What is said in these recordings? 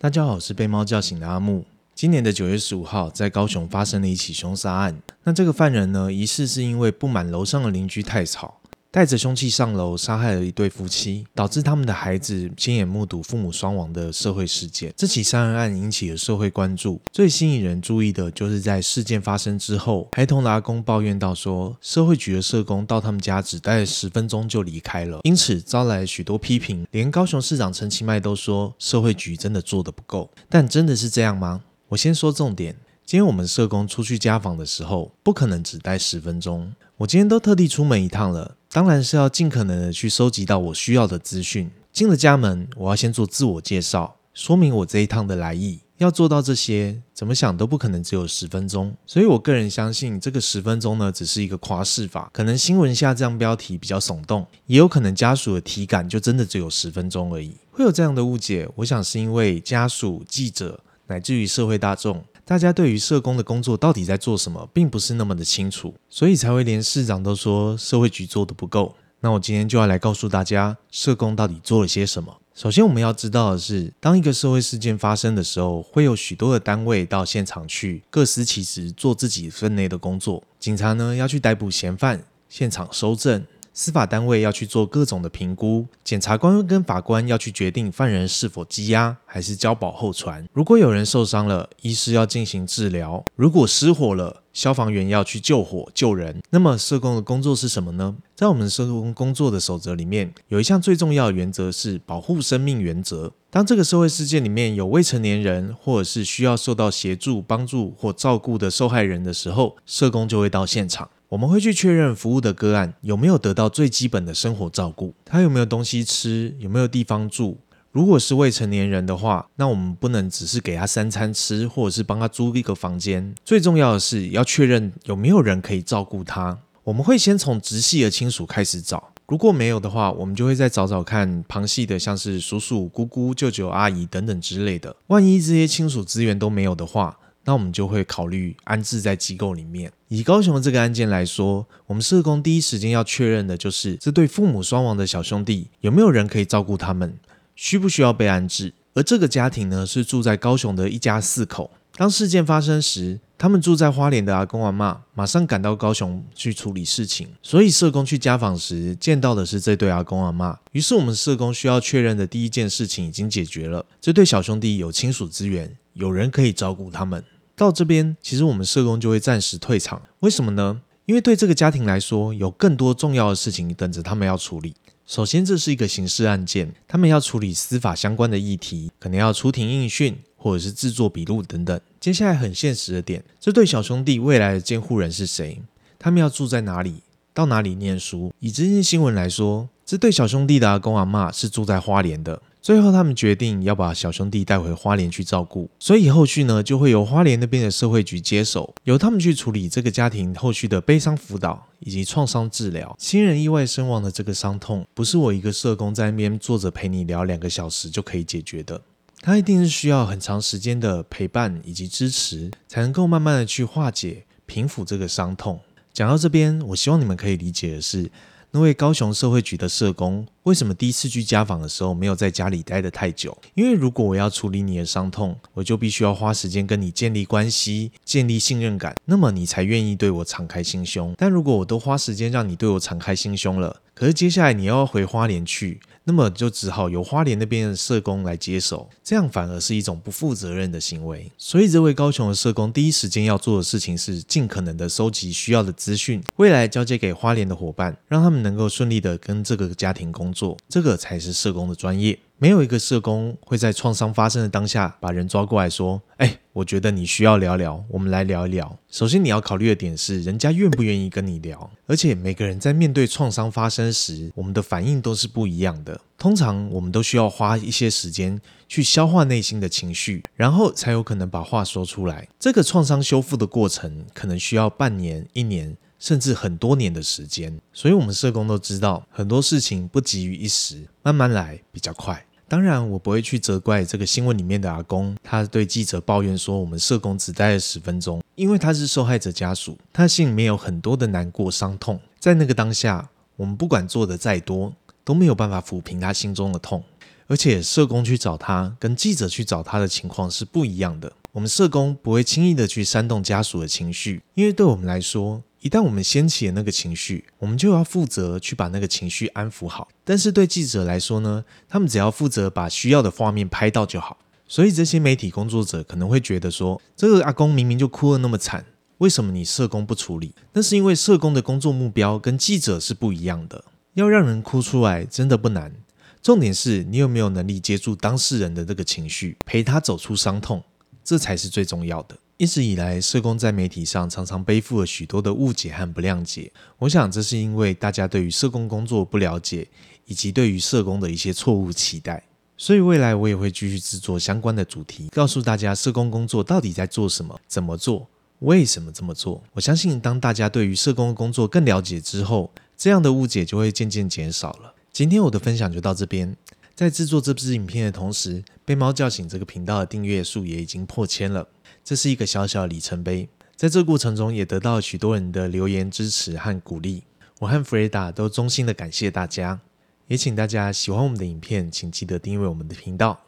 大家好，我是被貓叫醒的阿木。今年的九月十五號，在高雄發生了一起兇殺案。那這個犯人呢，疑似是因為不滿樓上的鄰居太吵。帶着凶器上樓，殺害了一對夫妻，導致他們的孩子親眼目睹父母雙亡的社會事件。這起殺人案引起了社會關注，最吸引人注意的就是在事件發生之後，孩童的阿公抱怨道說，社會局的社工到他們家只待了十分鐘就離開了，因此招來了許多批評。連高雄市長陳其邁都說，社會局真的做得不夠。但真的是這樣嗎？我先說重點。今天我們社工出去家訪的時候，不可能只待十分鐘。我今天都特地出門一趟了，當然是要盡可能的去收集到我需要的資訊。進了家門，我要先做自我介紹，說明我這一趟的來意。要做到這些，怎麼想都不可能只有十分鐘。所以，我個人相信這個十分鐘呢，只是一個誇飾法。可能新聞下這樣標題比較聳動，也有可能家屬的體感就真的只有十分鐘而已。會有這樣的誤解，我想是因為家屬、記者乃至於社會大眾。大家對於社工的工作到底在做什麼，並不是那麼的清楚，所以才會連市長都說社會局做得不夠。那我今天就要來告訴大家，社工到底做了些什麼。首先，我們要知道的是，當一個社會事件發生的時候，會有許多的單位到現場去，各司其職，做自己分內的工作。警察呢，要去逮捕嫌犯，現場搜證。司法單位要去做各種的評估，檢察官跟法官要去決定犯人是否羈押還是交保候傳。如果有人受傷了，醫師要進行治療；如果失火了，消防員要去救火救人。那麼社工的工作是什麼呢？在我們社工工作的守則裡面，有一項最重要的原則是保護生命原則。當這個社會事件裡面有未成年人，或者是需要受到協助、幫助或照顧的受害人的時候，社工就會到現場。我們會去確認服務的個案有沒有得到最基本的生活照顧，他有沒有東西吃，有沒有地方住。如果是未成年人的話，那我們不能只是給他三餐吃，或者是幫他租一個房間。最重要的是要確認有沒有人可以照顧他。我們會先從直系的親屬開始找，如果沒有的話，我們就會再找找看旁系的，像是叔叔、姑姑、舅舅、阿姨等等之類的。萬一這些親屬資源都沒有的話，那我們就會考慮安置在機構裡面。以高雄的這個案件來說，我們社工第一時間要確認的就是這對父母雙亡的小兄弟有沒有人可以照顧他們，需不需要被安置。而這個家庭呢，是住在高雄的一家四口。當事件發生時，他們住在花蓮的阿公阿媽馬上趕到高雄去處理事情，所以社工去家訪時見到的是這對阿公阿媽。於是我們社工需要確認的第一件事情已經解決了，這對小兄弟有親屬資源，有人可以照顧他們。到這邊，其實我們社工就會暫時退場。為什麼呢？因為對這個家庭來說，有更多重要的事情等着他們要處理。首先，這是一個刑事案件，他們要處理司法相關的議題，可能要出庭應訊，或者是制作筆錄等等。接下來很現實的點，這對小兄弟未來的監護人是誰？他們要住在哪裡？到哪裡念書？以最近新聞來說，這對小兄弟的阿公阿嬤是住在花蓮的。最後，他們決定要把小兄弟帶回花蓮去照顧，所以後續呢，就會由花蓮那邊的社會局接手，由他們去處理這個家庭後續的悲傷輔導以及創傷治療。親人意外身亡的這個傷痛，不是我一個社工在那邊坐着陪你聊兩個小時就可以解決的，他一定是需要很長時間的陪伴以及支持，才能夠慢慢的去化解、平復這個傷痛。講到這邊，我希望你們可以理解的是。那位高雄社會局的社工，為什麼第一次去家訪的時候沒有在家裡待得太久？因為如果我要處理你的傷痛，我就必須要花時間跟你建立關係，建立信任感，那麼你才願意對我敞開心胸。但如果我都花時間讓你對我敞開心胸了，可是接下來你又要回花蓮去。那麼就只好由花蓮那邊的社工來接手，這樣反而是一種不負責任的行為。所以，這位高雄的社工第一時間要做的事情是，盡可能的收集需要的資訊，未來交接給花蓮的夥伴，讓他們能夠順利的跟這個家庭工作，這個才是社工的專業。沒有一個社工會在創傷發生的當下把人抓過來說：“哎，我覺得你需要聊聊，我們來聊一聊。”首先，你要考慮的點是人家願不願意跟你聊。而且，每個人在面對創傷發生時，我們的反應都是不一樣的。通常，我們都需要花一些時間去消化內心的情緒，然後才有可能把話說出來。這個創傷修復的過程可能需要半年、一年，甚至很多年的時間。所以，我們社工都知道，很多事情不急於一時，慢慢來比較快。當然，我不會去責怪這個新聞裡面的阿公，他對記者抱怨說，我們社工只待了十分鐘，因為他是受害者家屬，他心裡面有很多的難過、傷痛。在那個當下，我們不管做得再多，都沒有辦法撫平他心中的痛。而且，社工去找他跟記者去找他的情況是不一樣的。我們社工不會輕易的去煽動家屬的情緒，因為對我們來說，一旦我們掀起了那個情緒，我們就要負責去把那個情緒安撫好。但是對記者來說呢，他們只要負責把需要的畫面拍到就好。所以這些媒體工作者可能會覺得說，這個阿公明明就哭得那麼慘，為什麼你社工不處理？那是因為社工的工作目標跟記者是不一樣的。要讓人哭出來真的不難，重點是你有沒有能力接住當事人的這個情緒，陪他走出傷痛，這才是最重要的。一直以來，社工在媒體上常常背負了許多的誤解和不諒解。我想，這是因為大家對於社工工作不了解，以及對於社工的一些錯誤期待。所以，未來我也會繼續製作相關的主題，告訴大家社工工作到底在做什麼、怎麼做、為什麼這麼做。我相信，當大家對於社工工作更了解之後，這樣的誤解就會漸漸減少了。今天我的分享就到這邊。在製作這部影片的同時，被貓叫醒這個頻道的訂閱數也已經破千了。這是一個小小里程碑，在這過程中也得到許多人的留言支持和鼓勵，我和弗瑞達都衷心的感謝大家，也請大家喜歡我們的影片，請記得訂閱我們的頻道，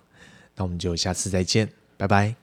那我們就下次再見，拜拜。